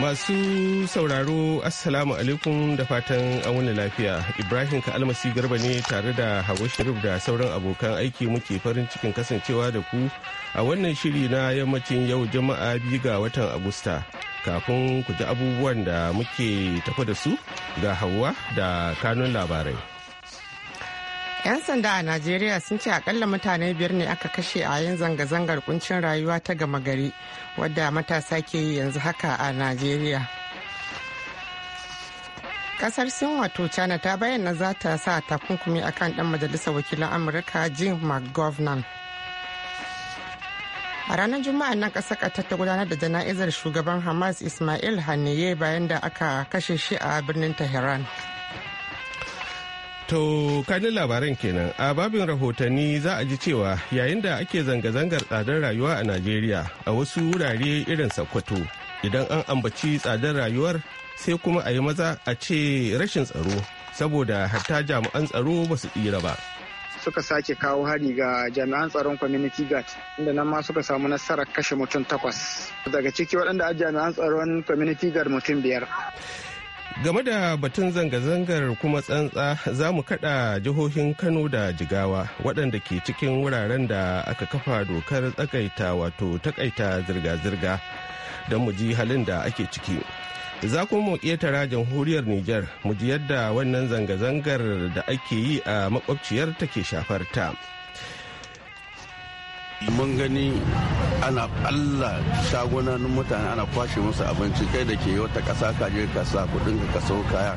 Masu sauraro Assalamu alaikum da fatan an wani lafiya. Ibrahim Ka'almasi Garba ne tare da Hawa shirif da sauran abokan aiki muke farin cikin kasancewa da ku a wannan shiri na yammacin yau jama'a biyu ga watan Agusta. Kafin ku ji abubuwan da muke tafa da su ga Hawa da kanun labarai. 'Yan sanda a Najeriya sun ce akalla mutane biyar ne aka kashe a yin zanga-zangar kuncin rayuwa ta gama gari wadda matasa ke yi yanzu haka a Najeriya. Kasar Sin wato China ta bayyana za ta sa takunkumi a kan dan majalisar wakilan Amurka Jim McGovern. a ranar juma'a nan kasar katar ta gudanar da jana'izar shugaban hamas ismail haniyeh bayan da aka kashe shi a birnin tehran To kanin labaran kenan a babin rahotanni za a ji cewa yayin da ake zanga-zangar tsadar rayuwa a Najeriya a wasu wurare irin Sokoto idan an ambaci tsadar rayuwar sai kuma a yi maza a ce rashin tsaro saboda hatta jami'an tsaro ba su tsira ba. Suka sake kawo hari ga jami'an tsaron community guard inda nan ma suka samu nasarar kashe mutum takwas daga ciki waɗanda a jami'an tsaron community guard mutum biyar. game da batun zanga-zangar kuma tsantsa za mu kada jihohin kano da jigawa waɗanda ke cikin wuraren da aka kafa dokar tsakaita wato takaita zirga-zirga don mu ji halin da ake ciki za kuma mu ƙetara jamhuriyar niger mu ji yadda wannan zanga-zangar da ake yi a makwabciyar take shafar ta. mun gani ana balla shagunan mutane ana kwashe musu abinci kai da ke wata ƙasa ka je ka sa kuɗin ka kaso kaya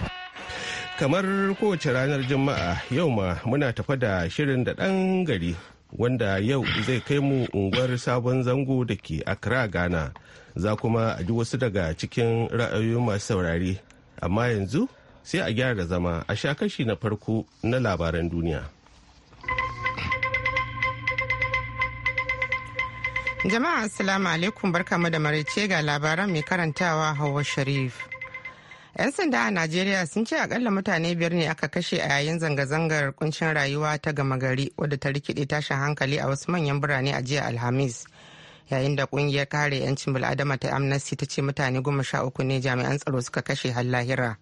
kamar kowace ranar juma'a yau ma muna tafa da shirin da ɗan gari wanda yau zai kai mu unguwar sabon zango da ke accra ghana za kuma a ji wasu daga cikin ra'ayoyin masu saurari amma yanzu sai a gyara zama a sha kashi na farko na labaran duniya Jama'a Assalamu alaikum barka mu da marice ga labaran mai karantawa Hauwa Sharif. 'Yan sanda a Najeriya sun ce akalla mutane biyar ne aka kashe a yayin zanga-zangar kuncin rayuwa ta gama gari wadda ta rikide tashin hankali a wasu manyan birane a jiya Alhamis. Yayin da kungiyar kare 'yancin bil'adama ta Amnesty ta ce mutane goma sha uku ne jami'an tsaro suka kashe har lahira.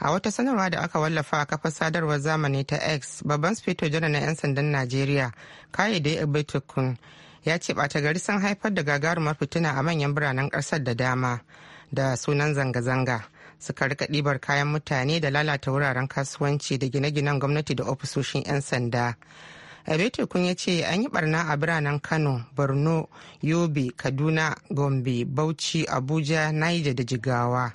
A wata sanarwa da aka wallafa a kafar sadarwar zamani ta X, babban sufeto jana na 'yan sandan Najeriya, Kayyade Ebetukun, ya ce ɓata gari sun haifar da gagarumar fituna a manyan biranen ƙasar da dama da sunan zanga-zanga suka rika ɗibar kayan mutane da lalata wuraren kasuwanci da gine-ginen gwamnati da ofisoshin 'yan sanda kun ya ce an yi barna a biranen kano borno yobe kaduna gombe bauchi abuja niger da jigawa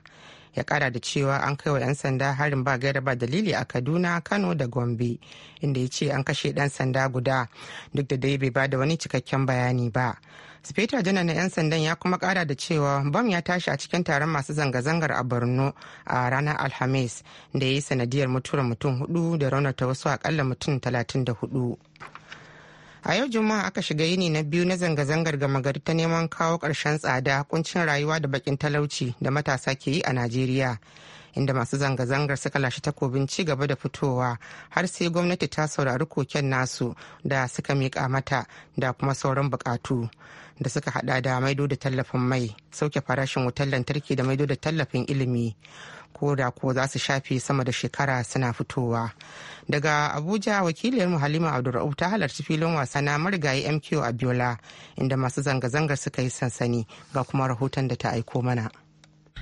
ya kara da cewa an kai wa 'yan sanda harin ba gaira ba dalili a kaduna kano da gombe inda ya ce an kashe dan sanda guda duk da dai bai ba da wani cikakken bayani ba speta janar na 'yan sandan ya kuma kara da cewa bam ya tashi a cikin taron masu zanga-zangar a borno a ranar alhamis da ya yi sanadiyar mutuwar mutum hudu da raunata wasu akalla mutum talatin da hudu a yau juma'a aka shiga yini na biyu na zanga-zangar gama gari ta neman kawo ƙarshen tsada kuncin rayuwa da bakin talauci da matasa ke yi a najeriya inda masu zanga-zangar suka lashe takobin ci gaba da fitowa har sai gwamnati ta saurari koken nasu da suka miƙa mata da kuma sauran bukatu da suka hada da maido da tallafin mai sauke farashin wutar lantarki da maido da tallafin ilimi ko da ko za su shafe sama da shekara suna fitowa daga abuja wakiliyar halima abdulra'uf ta halarci filin wasa na marigayi mq abiola inda masu zanga-zangar suka yi sansani ga kuma rahoton da ta aiko mana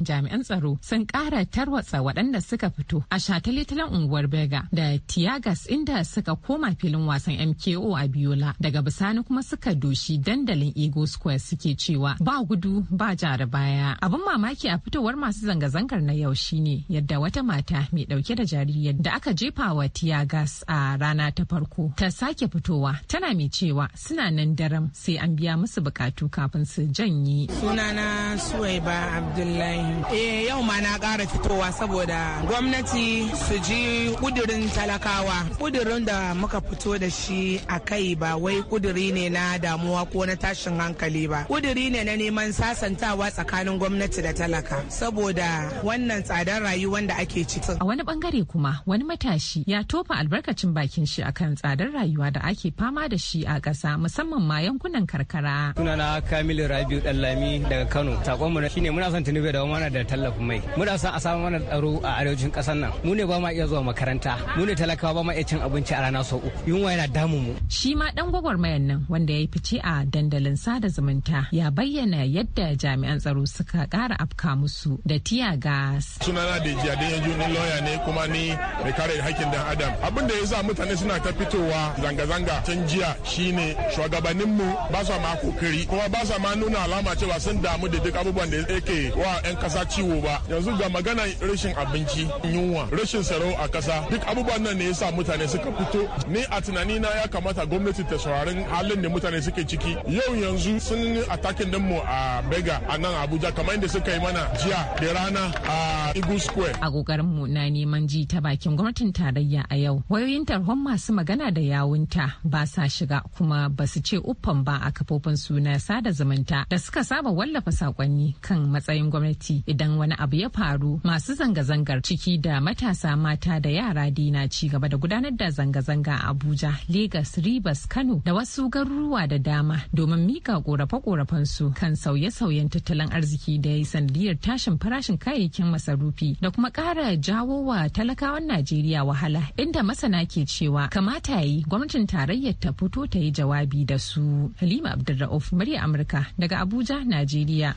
jami'an tsaro sun ƙara tarwatsa waɗanda suka fito a shataletalen unguwar Bega da Tiagas inda suka koma filin wasan MKO a Biola daga bisani kuma suka doshi dandalin Ego Square suke cewa ba gudu ba jara baya. Abin mamaki a fitowar masu zanga-zangar na yau shine yadda wata mata mai ɗauke da jaririyar da aka jefa wa Tiagas a rana ta farko ta sake fitowa tana mai cewa suna nan daram sai an biya musu bukatu kafin su janye. Sunana Suwaiba Abdullahi eh yau ma na ƙara fitowa saboda gwamnati su ji kudirin talakawa kudirin da muka fito da shi a kai ba wai kuduri ne na damuwa ko na tashin hankali ba kuduri ne na neman sasantawa tsakanin gwamnati da talaka saboda wannan tsadar rayuwar da ake ciki a wani bangare kuma wani matashi ya tofa albarkacin bakin shi akan tsadar rayuwa da ake fama da shi a ƙasa musamman ma yankunan karkara sunana kamilu rabiu dallami daga kano takwamu shine muna son tunube da mana da tallafin mai muna son a samu mana tsaro a arewacin kasar nan mu ne ba ma iya zuwa makaranta mu ne talakawa ba ma iya cin abinci a rana sau uku yunwa yana damu mu shi ma dan gwagwarmayan nan wanda ya yi fice a dandalin sada zumunta ya bayyana yadda jami'an tsaro suka kara afka musu da tiya gas sunana da jiyadin yanzu ni lawyer ne kuma ni mai kare hakkin dan adam abin da ya sa mutane suna ta fitowa zanga-zanga can jiya shine shugabanninmu ba sa ma kokari kuma ba sa ma nuna alama cewa sun damu da duk abubuwan da yake wa 'yan kasa ciwo ba yanzu ga magana rashin abinci yunwa rashin tsaro a kasa duk abubuwan nan ne yasa mutane suka fito ni a tunani na ya kamata gwamnati ta saurarin halin da mutane suke ciki yau yanzu sun attacking din mu a bega a nan abuja kamar yadda suka yi mana jiya da rana a igu square a kokarin mu na neman ji ta bakin gwamnatin tarayya a yau wayoyin tarhon masu magana da yawunta ba sa shiga kuma ba su ce uffan ba a kafofin suna sada zumunta da suka saba wallafa sakonni kan matsayin gwamnati gwamnati idan wani abu ya faru masu zanga-zangar ciki da matasa mata da yara dina ci gaba da gudanar da zanga-zanga a Abuja, Legas, Ribas Kano da wasu garuruwa da dama domin mika korafe su kan sauye-sauyen tattalin arziki da ya sanadiyar tashin farashin kayayyakin masarufi da kuma ƙara jawo wa talakawan Najeriya wahala inda masana ke cewa kamata yi gwamnatin tarayyar ta fito ta yi jawabi da su. Halima Abdulra'uf, murya Amurka daga Abuja, Najeriya.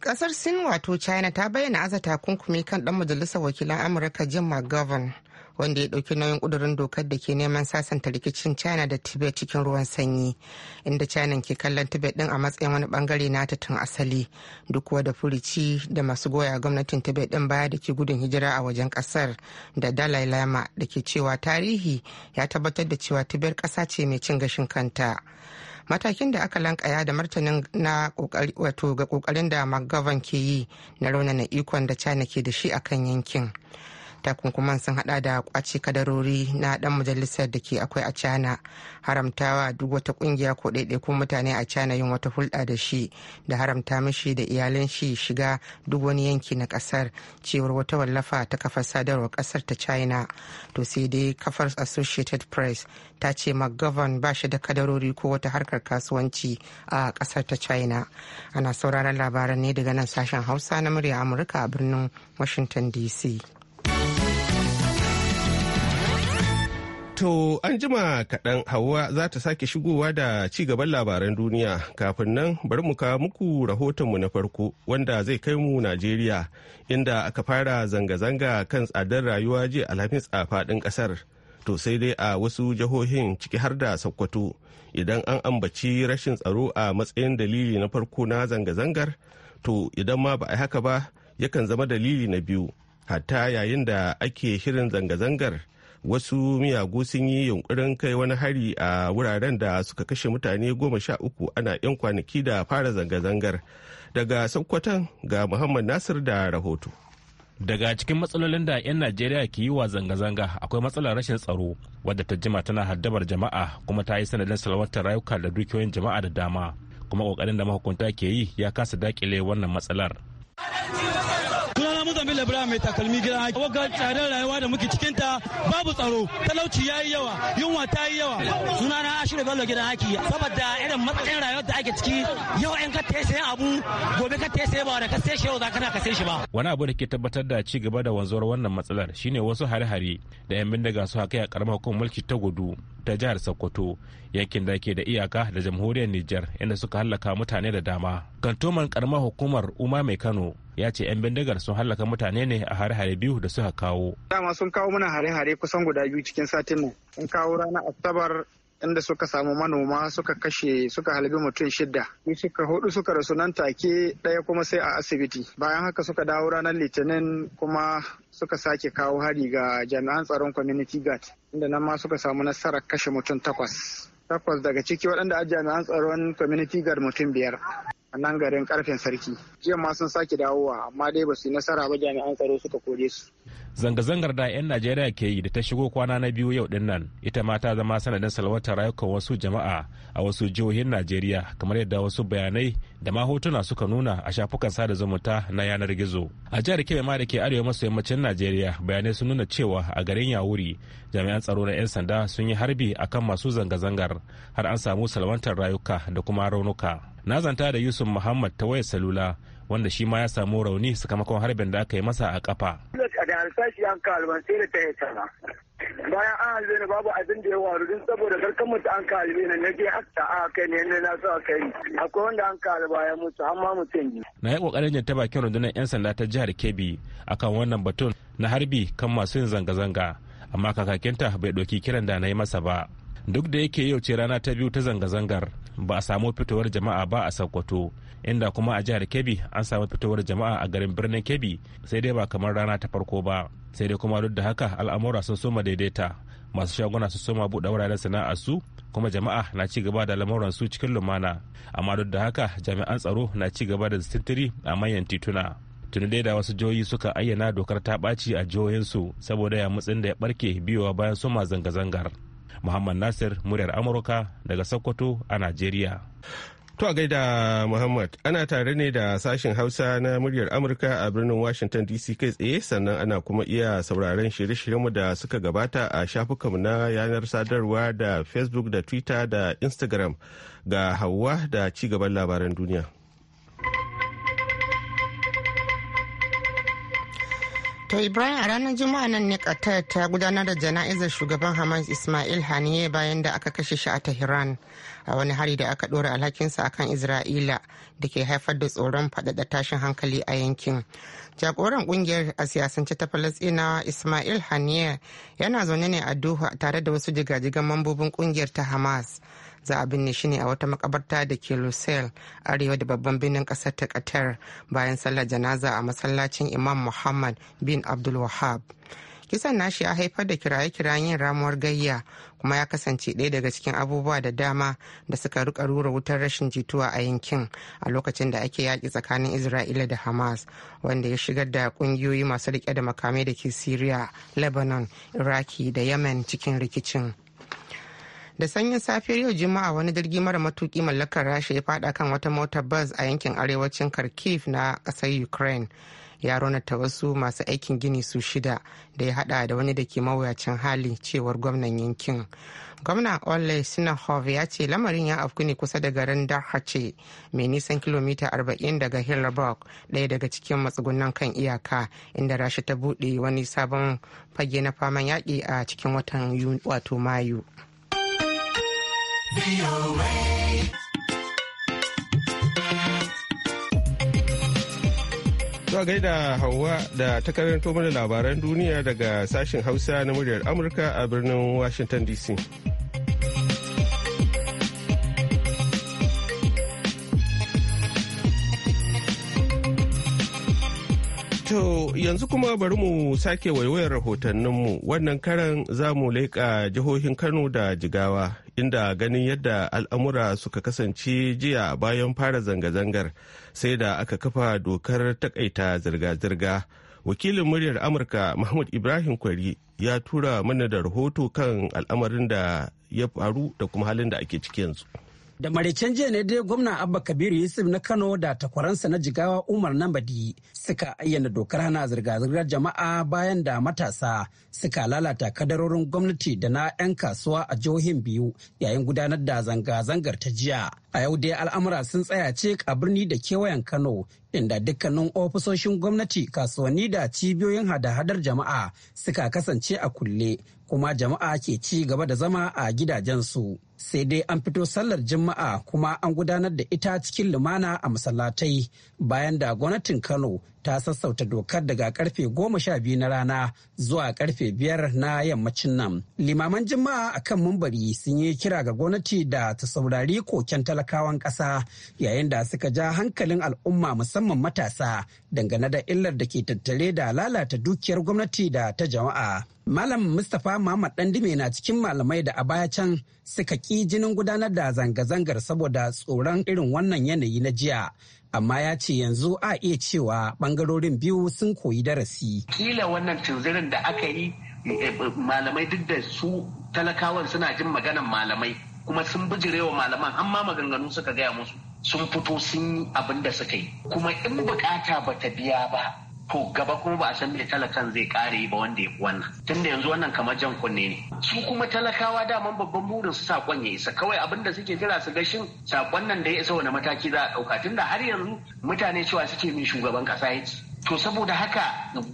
kasar sin wato china ta bayyana aza takunkumi kan dan majalisar wakilan amurka jim mcgovern wanda ya dauki nauyin kudurin dokar da ke neman sasanta rikicin china da tibet cikin ruwan sanyi inda china ke kallon tibet din a matsayin wani bangare na ta tun asali duk da furici da masu goya gwamnatin tibet din baya da ke gudun hijira a wajen kasar da dalai lama da ke cewa tarihi ya tabbatar da cewa tibet kasa ce mai cin gashin kanta matakin da aka lankaya da martanin na wato ga kokarin da mcgovern ke yi na raunana ikon da china ke da shi akan yankin takunkuman sun hada da kwace kadarori na dan majalisar da ke akwai a china haramtawa duk wata kungiya ko ɗaiɗaikun mutane a china yin wata hulɗa da shi da haramta mishi da iyalan shi shiga duk wani yanki na ƙasar cewar wata wallafa ta kafar sadarwar ƙasar ta china to sai dai kafar associated press ta ce mcgovern ba shi da kadarori ko wata harkar kasuwanci a ƙasar ta china ana sauraron labaran ne daga nan sashen hausa na murya amurka a birnin washington dc To an jima kaɗan Hauwa za ta sake shigowa da ci gaban labaran duniya kafin nan bari mu kawo muku rahotonmu na farko wanda zai kai mu Najeriya inda aka fara zanga-zanga kan tsadar rayuwa jiya alhamis a faɗin ƙasar. To sai dai a wasu jihohin ciki har da Sokoto idan an ambaci rashin tsaro a matsayin dalili na farko na zanga-zangar to idan ma ba a haka ba yakan zama dalili na biyu hatta yayin da ake shirin zanga-zangar. wasu miyagu sun yi yunkurin kai wani hari a wuraren da suka kashe mutane goma sha uku ana 'yan kwanaki da fara zanga-zangar daga sokoton ga muhammad nasir da rahoto daga cikin matsalolin da 'yan najeriya ke yi wa zanga-zanga akwai matsalar rashin tsaro wadda ta jima tana haddabar jama'a kuma ta yi sanadin salwantar rayuka da dukiyoyin jama'a da dama kuma kokarin da mahukunta ke yi ya kasa dakile wannan matsalar labura mai takalmi gidan haki waga tsadar rayuwa da muke cikin ta babu tsaro talauci yi yawa yunwa ta yi yawa suna a ashiru bello gidan haki saboda irin matsayin rayuwar da ake ciki yau in ka taya abu gobe ka taya ba da ka sai shi yau za ka na ka sai shi ba wani abu da ke tabbatar da ci gaba da wanzuwar wannan matsalar shine wasu hare-hare da yan bindiga su haka a karamar hukumar mulki ta gudu ta jihar sokoto yankin da ke da iyaka da jamhuriyar niger inda suka hallaka mutane da dama gantoman karamar hukumar uma mai kano ya ce 'yan bindigar sun hallaka mutane ne a hare-hare biyu da suka kawo dama sun kawo mana hare-hare kusan guda biyu cikin satin nan in kawo ranar asabar inda suka samu manoma suka kashe suka halbi mutum shidda suka hudu suka rasu nan take ɗaya kuma sai a asibiti bayan haka suka dawo ranar litinin kuma suka sake kawo hari ga jami'an tsaron community guard inda nan ma suka samu nasarar kashe mutum takwas takwas daga ciki waɗanda a jami'an tsaron community guard mutum biyar a nan garin karfen sarki jiya ma sun sake dawowa amma dai ba su yi nasara ba jami'an tsaro suka kore su zanga-zangar da 'yan najeriya ke yi da ta shigo kwana na biyu yau din nan ita ma ta zama sanadin salwatar rayukan wasu jama'a a wasu jihohin najeriya kamar yadda wasu bayanai da ma hotuna suka nuna a shafukan sada zumunta na yanar gizo a jihar kebe ma da ke arewa maso yammacin najeriya bayanai sun nuna cewa a garin yawuri jami'an tsaro na 'yan sanda sun yi harbi akan masu zanga-zangar har an samu salwantar rayuka da kuma raunuka na zanta da yusuf muhammad ta wayar salula wanda shi ma ya samu rauni sakamakon harbin da aka yi masa a kafa da alfashi an ka sai da ta yi sana. bayan an halbe ni babu abin da ya waru din saboda garkan mutu an ka halbe na je hasta a kai ne na na so a kai akwai wanda an halbe ya mutu amma mutum ne na yi kokarin yin taba bakin rundunar yan sanda ta jihar Kebbi akan wannan batun na harbi kan masu yin zanga-zanga amma kakakinta bai ɗauki kiran da na yi masa ba duk da yake yau ce rana ta biyu ta zanga-zangar ba a samu fitowar jama'a ba a Sokoto inda kuma a jihar kebbi an samu fitowar jama'a a garin birnin kebbi sai dai ba kamar rana ta farko ba sai dai kuma duk da haka al'amura sun soma daidaita masu shaguna sun soma buɗe wuraren sana'ar su kuma jama'a na ci gaba da lamuran su cikin lumana amma duk da haka jami'an tsaro na ci gaba da sintiri a manyan tituna tuni dai da wasu jihohi suka ayyana dokar ta ɓaci a jihohinsu saboda ya mutsin da ya barke biyowa bayan soma zanga-zangar muhammad nasir muryar amurka daga sokoto a najeriya To a gaida Muhammad ana tare ne da sashen Hausa na muryar Amurka a birnin Washington DC kai tsaye sannan ana kuma iya sauraron shirye-shiryenmu da suka gabata a shafukanmu na yanar sadarwa da Facebook da Twitter da Instagram ga hawa da cigaban labaran duniya. To Ibrahim a ranar Juma'a nan ne Qatar ta gudanar da jana'izar shugaban Hamas Ismail Haniyeh bayan da aka kashe shi a Tehran. a wani hari da aka ɗora alhakinsa akan isra'ila da ke haifar da tsoron faɗaɗa tashin hankali a yankin jagoran kungiyar a siyasance ta Falasina ismail haniyeh yana zaune ne a doha tare da wasu jigajigan mambobin kungiyar ta hamas za a binne shi ne a wata makabarta da ke lusail arewa da babban birnin kasar ta qatar bayan sallar janaza a masallacin imam muhammad bin abdul wahab kisan nashi ya haifar da kiraye-kirayen yin ramuwar gayya kuma ya kasance ɗaya daga cikin abubuwa da dama da suka rika rura wutar rashin jituwa a yankin a lokacin da ake yaki tsakanin isra'ila da hamas wanda ya shigar da ƙungiyoyi masu riƙe da makamai da ke syria lebanon iraki da yemen cikin rikicin da sanyin safiyar yau juma'a wani jirgi mara matuki mallakar rasha ya fada kan wata motar bus a yankin arewacin kharkiv na kasar ukraine ya raunata wasu masu aikin gini su shida da ya hada da wani da ke mawuyacin hali cewar gwamnan yankin gwamna ole sinahov ya ce lamarin ya afku ne kusa da garin dahace mai nisan kilomita 40 daga hillerburg daya daga cikin matsugunan kan iyaka inda rasha ta bude wani sabon fage na faman yaki a cikin watan wato mayu. Zuwa gaida Hauwa da ta karanto mana labaran duniya daga sashen Hausa na muryar Amurka a birnin Washington DC. yanzu kuma bari mu sake waiwayar rahotanninmu wannan karan za mu leƙa jihohin kano da jigawa inda ganin yadda al'amura suka kasance jiya bayan fara zanga-zangar sai da aka kafa dokar takaita zirga-zirga wakilin muryar amurka mahmud ibrahim kwari ya tura mana da rahoto kan al'amarin da ya faru da kuma halin da ake ciki yanzu. Da maraicen jiya ne dai gwamna Abba Kabiru Yusuf na Kano da takwaransa na jigawa Umar Nambadi suka ayyana dokar hana zirga-zirgar jama'a bayan da matasa suka lalata kadarorin gwamnati da na 'yan kasuwa a jihohin biyu yayin gudanar da zanga-zangar ta jiya. A yau dai al'amura sun tsaya ce a birni da kewayen Kano inda dukkanin ofisoshin gwamnati kasuwanni da cibiyoyin hada-hadar jama'a suka kasance a kulle kuma jama'a ke ci gaba da zama a gidajensu. sai dai an fito sallar juma'a kuma an gudanar da ita cikin lumana a masallatai bayan da gwamnatin kano ta sassauta dokar daga karfe goma sha biyu na rana zuwa karfe biyar na yammacin nan. Limaman jima'a a kan mumbari sun yi kira ga gwamnati da ta saurari koken talakawan ƙasa yayin da suka ja hankalin al'umma musamman matasa dangane da illar da ke tattare da lalata dukiyar gwamnati da ta jama'a. Malam Mustapha Muhammad Dandime na cikin malamai da a baya can suka ƙi jinin gudanar da zanga-zangar saboda tsoron irin wannan yanayi na jiya. amma ya ce yanzu a iya cewa bangarorin biyu sun koyi darasi. Kila wannan tunzirin da aka yi eh, eh, malamai duk da su talakawan suna jin maganan malamai kuma sun bijirewa malaman amma maganganu suka gaya musu sun fito sun yi abin da suka yi kuma in bukata bata biya ba ko gaba kuma ba a san me talakan zai kare ba wanda ya wannan tunda yanzu wannan kamar jan kunne ne su kuma talakawa daman babban burin su sakon ya isa kawai abin da suke jira su ga shin sakon nan da ya isa wani mataki za a dauka tunda har yanzu mutane cewa suke min shugaban kasa yake to saboda haka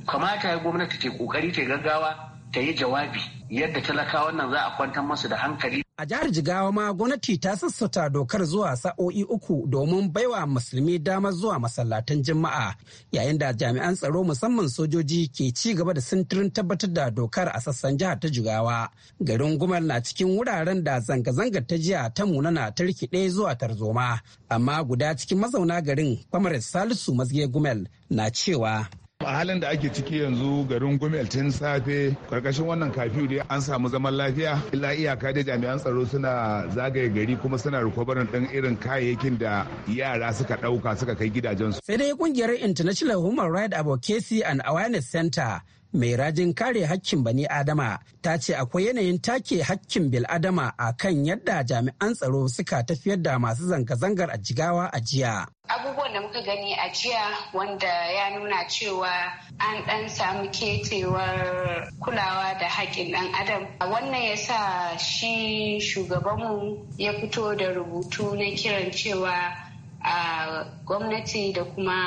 kamata gwamnati ta kokari ta gaggawa ta yi jawabi yadda talakawa nan za a kwantar masu da hankali. A jihar Jigawa ma gwamnati ta sassauta dokar zuwa sa'o'i uku domin baiwa musulmi damar zuwa masallatan Juma'a yayin da jami'an tsaro musamman sojoji ke ci gaba da sintirin tabbatar da dokar a sassan jihar ta Jigawa. Garin Gumel na cikin wuraren da zanga zanga ta jiya ta munana ta rikide zuwa tarzoma amma guda cikin mazauna garin Kwamar Salisu Mazge Gumel na cewa. a halin da ake ciki yanzu garin gumel tun safe karkashin wannan kafiyu dai an samu zaman lafiya illa iyaka da jami'an tsaro suna zagaye gari kuma suna rikobarin ɗan irin kayayyakin da yara suka ɗauka suka kai gidajensu. sai dai kungiyar international human rights advocacy and awareness center mai rajin kare hakkin bani adama ta ce akwai yanayin take hakkin bil'adama a kan yadda jami'an tsaro suka tafiyar da masu zanga-zangar a jigawa a jiya. abubuwan da muka gani a jiya wanda ya nuna cewa an dan samu ketewar kulawa da haƙƙin ɗan adam wannan ya sa shi shugabanmu ya fito da rubutu na kiran cewa a ah, gwamnati da kuma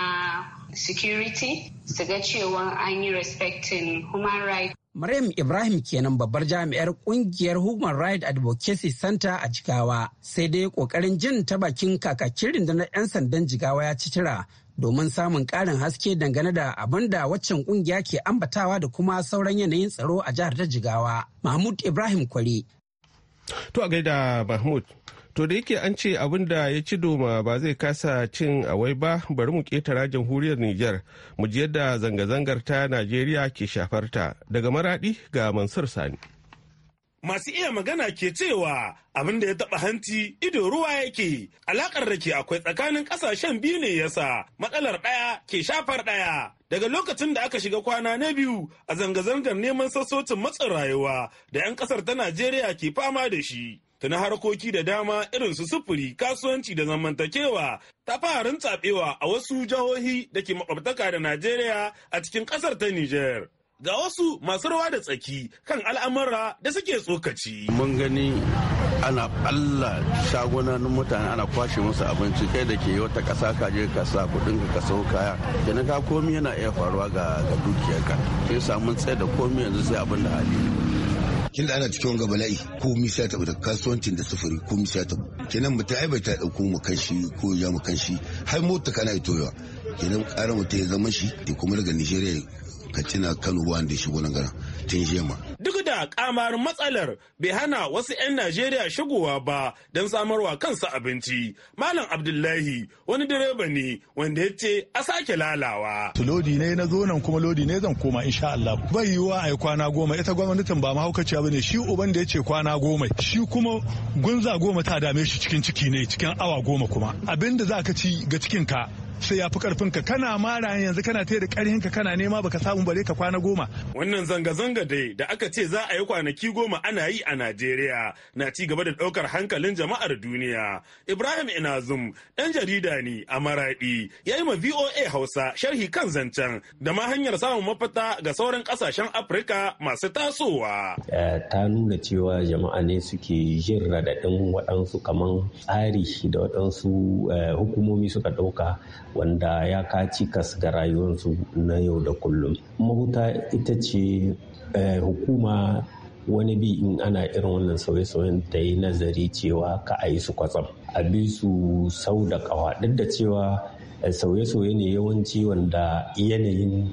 security su ga cewa an yi respecting human rights. Maryam Ibrahim kenan babbar jami'ar kungiyar Human Rights Advocacy Center a Jigawa sai dai kokarin jin ta bakin kakakin rundunar 'yan sandan Jigawa ya ci tira domin samun karin haske dangane da abin da waccan kungiya ke ambatawa da kuma sauran yanayin tsaro a jihar ta Jigawa. Mahmud Ibrahim Kwari. To a gaida Mahmud To da yake an ce abin da ya ci doma ba zai kasa cin awai ba bari mu ketara jamhuriyar Niger mu ji yadda zanga-zangar ta Najeriya ke shafar ta daga maradi ga Mansur Sani. masu iya magana ke cewa abin da ya taba hanci ido ruwa yake alakar da ke akwai tsakanin kasashen biyu ne yasa matsalar ɗaya ke shafar ɗaya daga lokacin da aka shiga kwana na biyu a zanga-zangar neman sassocin matsin rayuwa da 'yan kasar ta najeriya ke fama da shi na harkoki da dama irin su sufuri kasuwanci da zamantakewa ta farin tsabewa a wasu jihohi da ke makwabtaka da najeriya a cikin kasar ta niger ga wasu masu rawa da tsaki kan al'amura da suke tsokaci mun gani ana balla shagunan mutane ana kwashe musu abinci kai da ke wata kasa ka je ka sa kuɗin ka ka sau kaya kenan ka komi yana iya faruwa ga dukiyarka sai samun tsaye da komi yanzu sai abin da hali kin da ana cikin gaba bala'i ko misa ya da kasuwancin da sufuri ko misa ya kenan mutum ai bai ta dauko mu kanshi ko ya mu kanshi har mota kana itowa kenan karamu ta ya zama shi da kuma daga Nigeria ka tina Kano wanda ya shigo nan gara tun jema Duk da kamar matsalar bai hana wasu 'yan Najeriya shigowa ba don samarwa kansu abinci. Malam Abdullahi wani direba ne wanda ya ce a sake lalawa. Lodi ne na zo nan kuma lodi ne zan koma insha Allah. Bai yiwuwa a yi kwana goma ita gwamnatin ba mahaukaciya ba ne shi uban da ya ce kwana goma shi kuma gunza goma ta dame shi cikin ciki ne cikin awa goma kuma abin da za ka ci ga cikin ka sai ya fi karfin ka kana mara yanzu kana te da karhin ka kana nema baka samu bare ka kwana goma wannan zanga-zanga dai da aka ce za a yi kwanaki goma ana yi a Najeriya na ci gaba da daukar hankalin jama'ar duniya Ibrahim Inazum dan jarida ne a maraɗi ya yi ma VOA Hausa sharhi kan zancen da ma hanyar samun mafita ga sauran kasashen Afirka masu tasowa ta nuna cewa jama'a ne suke jin raɗaɗin waɗansu kaman tsari da waɗansu eh, hukumomi suka ɗauka wanda ya kaci kas ga rayuwarsu na yau da kullum mahuta ita ce eh, hukuma wani bi in ana irin wannan sauye-sauyen da yi nazari cewa ka a yi su kwatsam a bi su sau da kawa duk da cewa eh, sauye-sauye ne yawanci wanda yanayin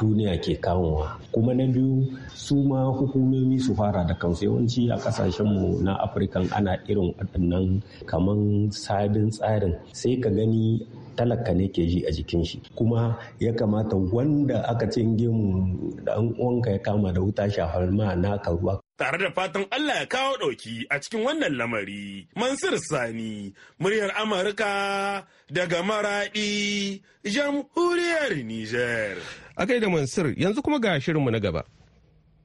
duniya ke kawowa kuma na biyu su ma hukumomi su fara da kansu yawanci a kasashenmu na afirka ana irin waɗannan kaman sabin tsarin sai ka gani talaka ne ke ji a jikin shi kuma ya kamata wanda aka ce gemu dan uwanka ya kama da wuta shafar ma naka ruwa tare da fatan Allah ya kawo ɗauki a cikin wannan lamari. Mansur Sani, muryar Amurka daga Maraɗi, jamhuriyar Nijar. Akai da Mansur, yanzu kuma ga shirinmu na gaba.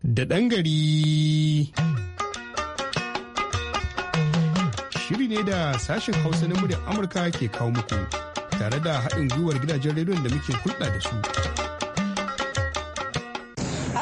Da ɗan gari. Shiri ne da sashen Hausa na muryar Amurka ke kawo muku. tare da haɗin gwiwar gidajen rediyon da muke hulɗa da su.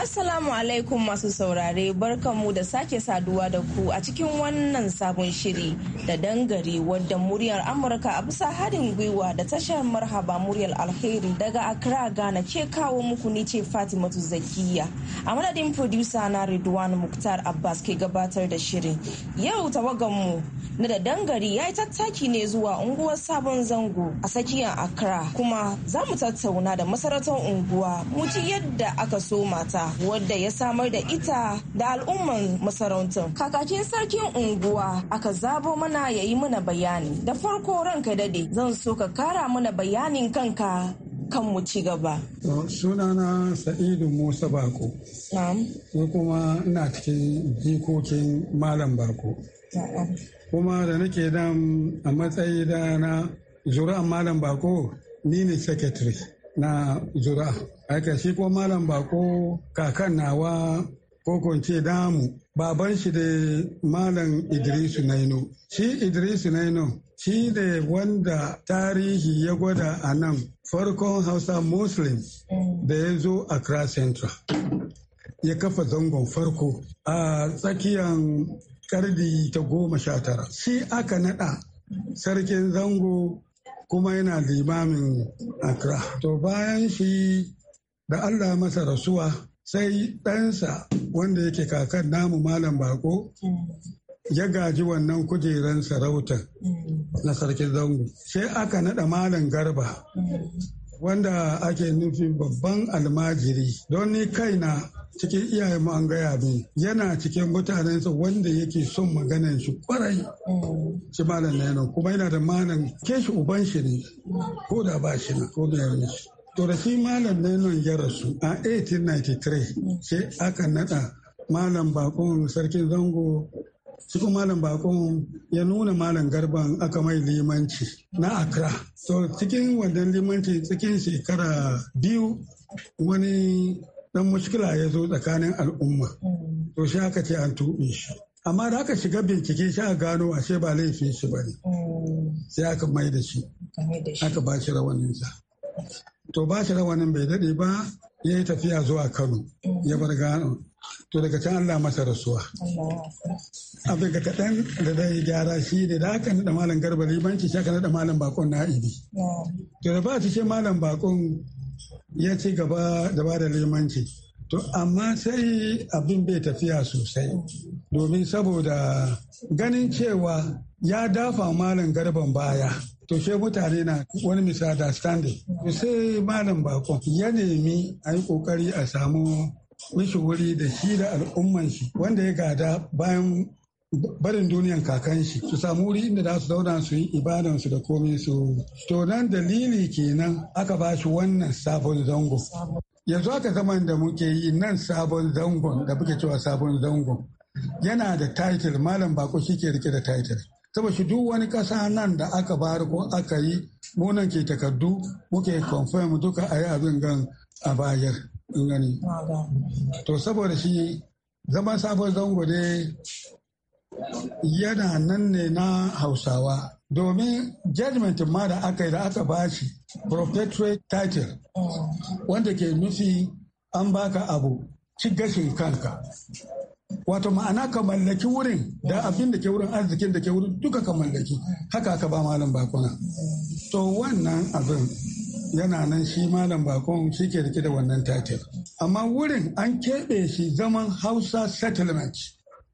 Assalamu alaikum masu saurare barkanmu da sake saduwa da ku a cikin wannan sabon shiri da dangare wadda muryar Amurka a bisa Hadin gwiwa da tashar marhaba muryar alheri daga Accra Ghana ke kawo muku ni ce Fatimatu Zakiya. A madadin producer na Ridwan Muktar Abbas ke gabatar da shirin. Yau tawaganmu na da dangare ya yi tattaki ne zuwa unguwar sabon zango a tsakiyar Accra kuma za mu tattauna da masarautar unguwa mu ji yadda aka so mata wadda ya samar da ita da al'umman masarautar. Kakakin sarkin unguwa aka zabo mana ya yi mana bayani. Da farko ranka dade zan so ka kara mana bayanin kanka kan mu ci gaba. Sunana Sa'idu Musa Bako. Ni kuma ina cikin jikokin Malam Bako. Kuma da nake dan a matsayi da na zuri'an Malam Bako ni ne secretary. na zura aika shi ko malam bako kakan nawa ko kwance damu baban shi da malam idrisu naino shi idrisu naino shi da wanda tarihi ya gwada a nan farkon hausa muslim da ya zo a central ya kafa zangon farko a tsakiyan kardi ta goma sha tara shi aka nada sarkin zango kuma yana limamin Accra. To bayan shi da Allah masa rasuwa sai ɗansa wanda yake kakan namu malam bako ya gaji wannan kujeran sarautar na sarkin zango. Sai aka naɗa malam garba wanda ake nufin babban almajiri don ni kaina cikin iyayen mu an gaya min yana cikin mutanensa wanda yake son maganan shi kwarai shi malam na kuma yana da malam keshi uban shi ne ko da ba shi ne ko da yana shi to da shi malam Lennon ya rasu a 1893 sai aka nada malam bakon sarkin zango cikin malam bakon ya nuna malam garban aka mai limanci na accra to cikin wannan limanci cikin shekara biyu wani dan mushkila ya zo tsakanin al'umma mm. to shi aka ce an tuɓe shi amma da aka shiga bincike shi a gano ashe ba laifin shi ba ne mm. sai aka mai da shi aka ba shi rawaninsa to ba shi rawanin bai daɗe ba ya yi tafiya zuwa kano ya bar gano to daga can allah masa rasuwa abin ga kaɗan da dai gyara shi ne da aka naɗa malam garba banki shi aka naɗa malam bakon na'ibi to da ba su ce malam bakon ya ci gaba da ba da limanci to amma sai abin bai tafiya sosai domin saboda ganin cewa ya dafa malam garban baya to she mutane na wani misunderstanding to sai malam bakon ya nemi a yi kokari a samu mishi wuri da shi da al'umman wanda ya gada bayan barin duniyan kakan shi su samu wuri inda za su zauna su yi ibadansu da komai su to nan dalili kenan aka ba shi wannan sabon zango yanzu aka zaman da muke yi nan sabon zangon da muke cewa sabon zangon yana da title malam bako shi ke rike da title saboda shi duk wani kasa nan da aka bari ko aka yi munan ke takardu muke confirm duka a yi abin gan a bayar in gani to saboda shi zaman sabon zango dai yana nan ne na hausawa domin judgment ma da aka yi da aka bashi perpetuate title wanda ke nufi an baka abu ci gashin kanka wato ma'ana ka mallaki wurin da abin da ke wurin arzikin da ke wurin duka ka mallaki haka aka ba malam bakuna to wannan abin yana nan shi malam bakon shi ke rike da wannan title amma wurin an keɓe shi zaman hausa settlement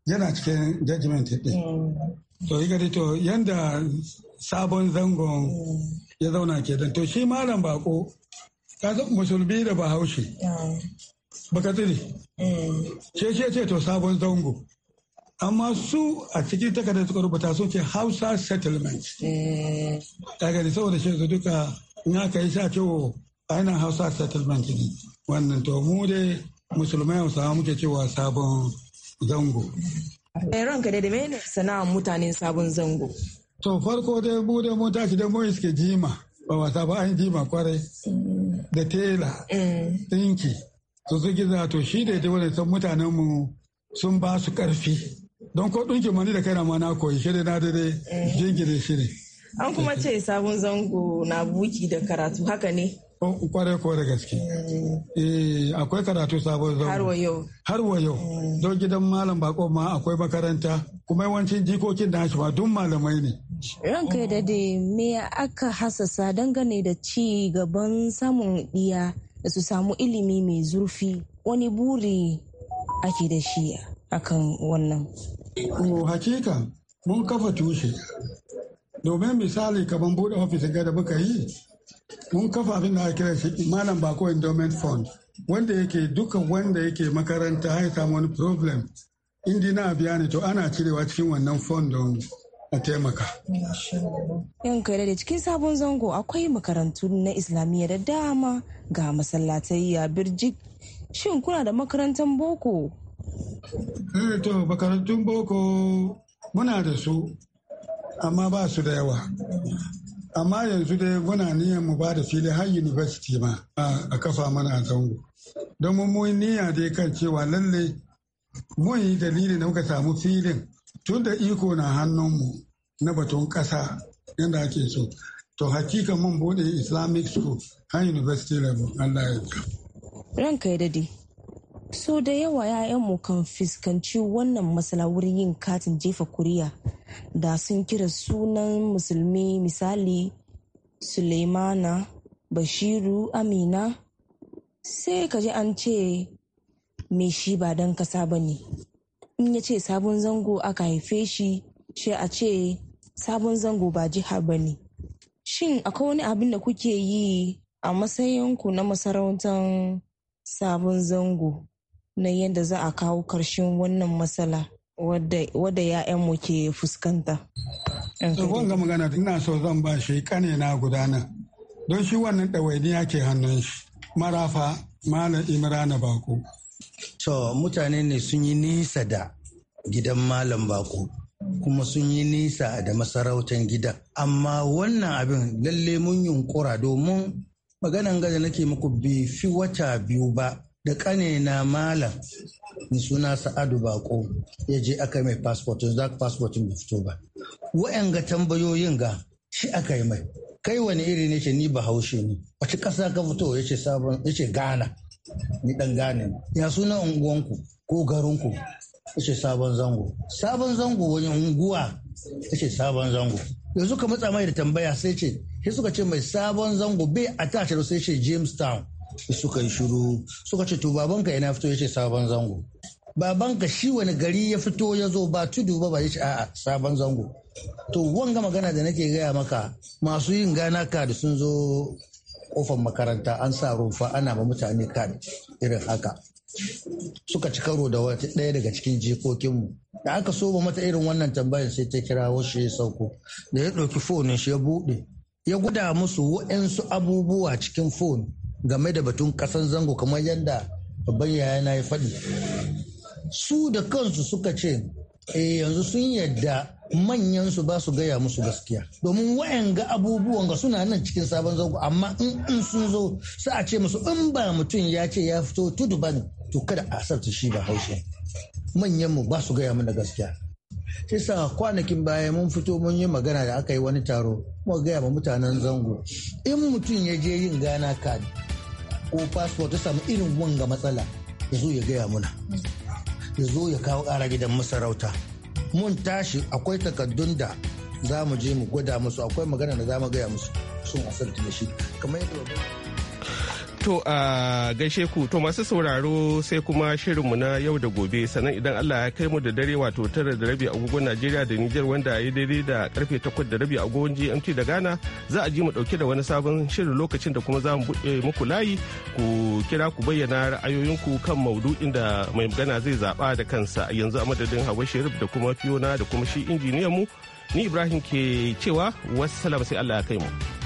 yana cikin judgment din mm. to yi gari to yanda sabon zangon ya zauna ke to shi malam bako ka san musulmi da bahaushe baka tsiri ce mm. ce ce to sabon zango amma su a cikin takardar suka rubuta sun ce hausa settlement Ta mm. gani saboda shi su duka in ka yi sa cewa ainihin hausa settlement ne wannan to mu dai musulmai musamman muke cewa sabon zango. Eh, ranka da ne sana'ar mutanen sabon zango. To farko dai bude mun shi da mun iske jima ba wasa ba an jima kwarai da tela ɗinki mm. su su giza to shi da ita wani san mutanen mu sun ba su karfi don ko ɗinki mani da kai na ma na koyi shi na dai mm. jingire shi ne. An kuma ce sabon zango na buki da karatu haka ne. Oh, Kwarai ko da gaske. Eh, akwai karatu sabon zaune. Har wa yau. Don gidan malam bako ma akwai makaranta kuma yawancin jikokin da ma duk malamai ne. Ranka da da me aka hasasa dangane da ci gaban samun ɗiya da su samu ilimi mai zurfi wani buri ake da shi akan wannan. hakika mun kafa tushe domin misali kamar buɗe ofis ga da muka yi mun kafa abin da ake kira malam bako endowment fund wanda yake duka wanda yake makaranta ya samu wani problem indi na biya ne to ana cirewa cikin wannan fund don a taimaka. Yan kare da cikin sabon zango akwai makarantu na islamiyya da dama ga masallatai ya birjik shin kuna da makarantar boko? Eh, to makarantun boko muna da su amma ba su da yawa amma yanzu dai muna niyan mu ba da fili har university ma a kafa mana a zango don mun niyya dai kan cewa lalle mun yi dalili da muka samu filin tun da iko na hannunmu na batun ƙasa yadda ake so to hakika mun bude islamic school har university level allah ya ranka ya dade so da yawa 'ya'yanmu kan fuskanci wannan matsala wurin yin katin jefa kuriya da sun kira sunan musulmi misali suleimana bashiru amina sai ka ji an ce me shi ba dan kasa ba ne in ya ce sabon zango aka haife shi ce a ce sabon zango ba jiha ba ne shin akwai wani abin da kuke yi a matsayinku na masarautar sabon zango na yadda za a kawo ƙarshen wannan matsala wadda ‘ya'yanmu ke fuskanta. Tsohon ga magana ina so zan ba shi kane na gudana don shi wannan ɗawainiya ke hannun shi marafa malam imrana bako. So mutane ne sun yi nisa da gidan malam bako kuma sun yi nisa da masarautar gida amma wannan abin lalle mun yunkura domin maganan gada nake muku bi fi wata biyu ba da kane na malam mai suna sa'adu bako ya je aka mai passport yanzu ka passport bai fito ba wa'yan ga tambayoyin ga shi aka yi mai kai wani iri ne ce ni bahaushe ne wace kasa ka fito ya ce sabon ya ce ghana ni dan ghana ya suna unguwanku ko garinku ya ce sabon zango sabon zango wani unguwa ya ce sabon zango yanzu ka matsa mai da tambaya sai ce sai suka ce mai sabon zango bai a tashar sai ce jamestown suka yi shiru suka ce to babanka yana fito ya ce sabon zango babanka shi wani gari ya fito ya zo ba tudu ba ba ya ce a'a sabon zango to wanga magana da nake gaya maka masu yin gana kadi sun zo kofar makaranta an sa rufa ana ba mutane kadi irin haka suka ci karo da wata ɗaya daga cikin jikokinmu da aka soba mata irin wannan tambayar sai ta kira shi ya sauko da ya ɗauki fonin shi ya buɗe ya guda musu wa'insu abubuwa cikin fon game da batun kasan zango kamar yadda babban yaya na ya faɗi su da kansu suka ce eh yanzu sun yadda manyan su ba su gaya musu gaskiya domin wayan ga abubuwan ga suna nan cikin sabon zango amma in sun zo su a ce musu in ba mutum ya ce ya fito tudu ba ne to kada a sarta shi ba haushe manyan mu ba su gaya mana gaskiya sai sa kwanakin baya mun fito mun yi magana da aka yi wani taro mun gaya ma mutanen zango in mutum ya je yin gana kadi ko passport ta samu irin wanga matsala ya zo ya gaya muna ya zo ya kawo ƙara gidan masarauta mun tashi akwai takaddun da za mu je mu gwada musu akwai magana da za mu gaya musu sun asar da shi kamar yadda To a gaishe ku to masu sauraro sai kuma shirinmu na yau da gobe sannan idan Allah ya kai mu da dare wato tara da rabi agogon Najeriya da Nijar wanda ya daidai da karfe takwas da rabi agogon GMT da Ghana za a ji mu dauke da wani sabon shirin lokacin da kuma za mu buɗe muku layi ku kira ku bayyana ra'ayoyinku kan maudu'in da mai magana zai zaba da kansa yanzu a madadin Hawa Sherif da kuma Fiona da kuma shi injiniyan mu ni Ibrahim ke cewa wassalam sai Allah ya kai mu.